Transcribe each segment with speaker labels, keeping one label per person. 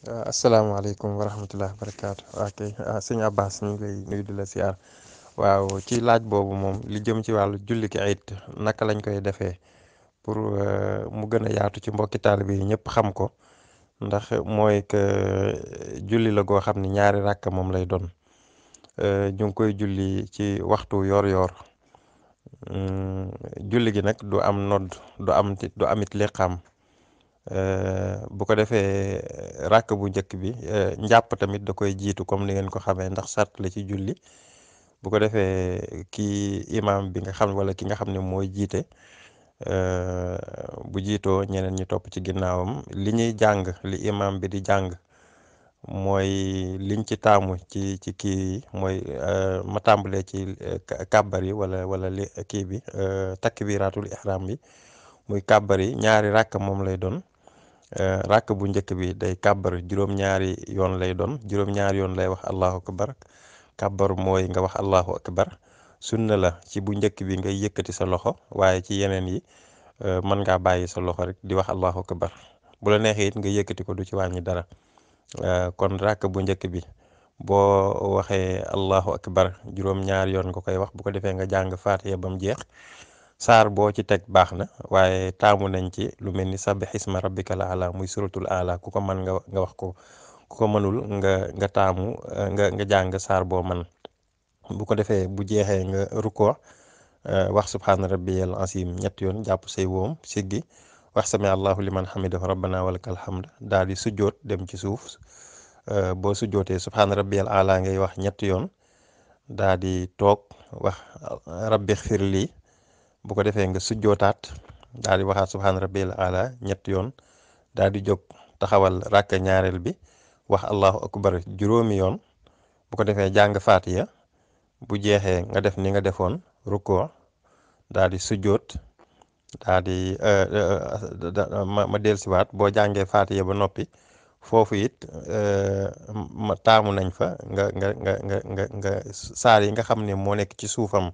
Speaker 1: Uh, asalaamaaleykum wa rahmatulah barakaatu ok uh, Abbas ñu ngi lay nuyu di la siyaar waaw ci laaj boobu moom li jëm ci wàllu julli ki ayit naka lañ koy defee pour uh, mu gën a yaatu ci mbokki taalibe yi ñëpp xam ko ndax mooy que julli la goo xam ne ñaari rakk moom lay doon ñu ngi koy julli ci waxtu yor-yor mm, julli gi nag du am nodd du am du amit liqaam bu ko defee ràkk bu njëkk bi njàpp tamit da koy jiitu comme ni ngeen ko xamee ndax sart la ci julli bu ko defee kii imaam bi nga xam wala ki nga xam ne mooy jiite bu jiitoo ñeneen ñu topp ci ginnaawam li ñuy jàng li imaam bi di jàng mooy liñ ci taamu ci ci kii mooy ma tàmbalee ci kàbbar wala wala li kii bi takbiratul ihram bi muy kabari ñaari ràkk moom lay doon Eh, rakk bu njëkk bi day kàbbar juróom-ñaari yoon lay doon juróom-ñaari yoon lay wax allahu akbar kàbbar mooy nga wax allahu bar sunna la ci bu njëkk bi ngay yëkkati sa loxo waaye ci yeneen yi eh, mën ngaa bàyyi sa loxo rek di wax allahu akbar bu la neexee it nga yëkkati ko du ci wàññi dara eh, kon rakk bu njëkk bi boo waxee allahu akbar juróom-ñaari yoon nga koy wax bu ko defee nga jàng faatiha ba mu jeex saar boo ci teg baax na waaye taamu nañ ci lu mel ni sabbih isma rabbikal aala muy suratul aala ku ko man nga nga wax ko ku ko mënul nga nga taamu eh, nga nga jàng saar bo man bu ko defee bu jeexee nga rukkoo eh, wax subhaana rabbiyal asiim ñett yoon jàpp say woom siggi wax sami allahu liman hamidahu rabbana walakal hamd daal di sujjoot dem ci suuf eh, boo sujjootee subhaana rabbiyal aala ngay wax ñett yoon daal di toog wax rabbi xfir lii bu ko defee nga sujjootaat daal di waxaat subhaana rabbil ala ñett yoon daal di jóg taxawal ràkk ñaareel bi wax allahu akbar juróomi yoon bu ko defee jàng faatiya bu jeexee nga def ni nga defoon rukkoo daal di sujjoot daal di euh, euh, ma ma dellusiwaat boo jàngee faatiya ba noppi foofu it euh, taamu nañ fa nga nga nga nga nga yi nga xam ne moo nekk ci suufam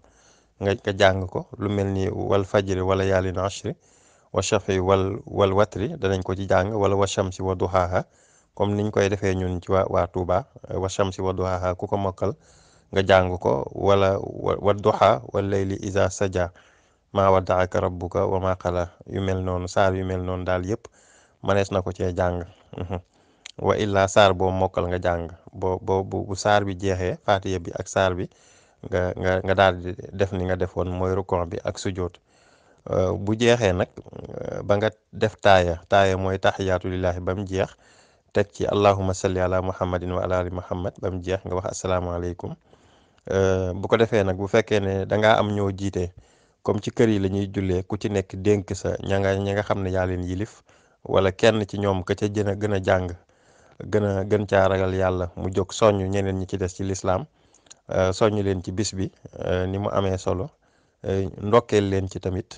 Speaker 1: nga nga jàng ko lu mel ni wal fajri wala yaalin ashri wa shafi wal wal watri danañ ko ci jàng wala wa shamsi wa duhaaha comme koy defee ñun ci waa waa Touba wa shamsi wa ku ko mokkal nga jàng ko wala wa duha wal layli iza saja maa waddaaka rabbuka wa maa qala yu mel noonu saar yu mel noonu daal yëpp manees na ko cee jàng mhm. wa illaa saar boo mokkal nga jàng boo boo bu saar bi jeexee faatiya bi ak saar bi nga nga daal di def ni nga defoon mooy rukon bi ak sujjoot euh, bu jeexee nag euh, ba nga def taaya taaya mooy taxiyaatu lillahi ba mu jeex teg ci allahuma salli ala muhammadin wa ala ali muhammad ba mu jeex nga wax asalaamaaleykum euh, bu ko defee nag bu fekkee ne dangaa am ñoo jiite comme ci kër yi la ñuy jullee ku ci nekk dénk sa ña nga nga xam ne yaa leen yilif wala kenn ci ñoom ka ca gën a gën a jàng gën a gën caa ragal yàlla mu jóg soñ ñeneen ñi ci des ci lislaam Euh, soññ leen ci bis bi euh, ni mu amee solo euh, ndokkeel leen ci tamit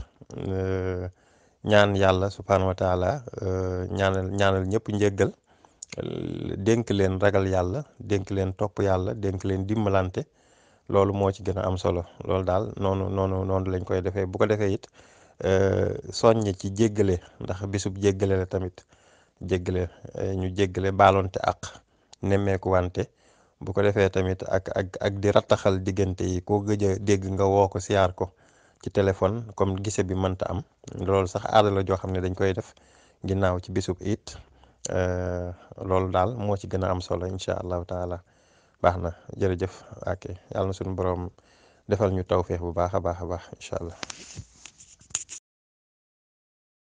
Speaker 1: ñaan yàlla subhaanahu wa taala ñaanal ñaanal ñëpp njëggal dénk leen ragal yàlla dénk leen topp yàlla dénk leen dimbalante loolu moo ci gën a am solo loolu daal noonu noonu noonu lañ koy defee bu ko defee it soññ ci jéggale ndax bisub jéggale la tamit jéggale ñu jéggale balonte ak nemmeeku wante bu ko defee tamit ak ak ak di rattaxal diggante yi koo gëj a dégg nga woo ko siyaar ko ci téléphone comme gise bi mënta am lool sax aada la joo xam ne dañ koy def ginnaaw ci bisub it euh, loolu daal moo ci gën a am solo incha allahu taala baax na jërëjëf ak yàlla na suñu borom defal ñu tawféex bu baax a baax a baax incha allah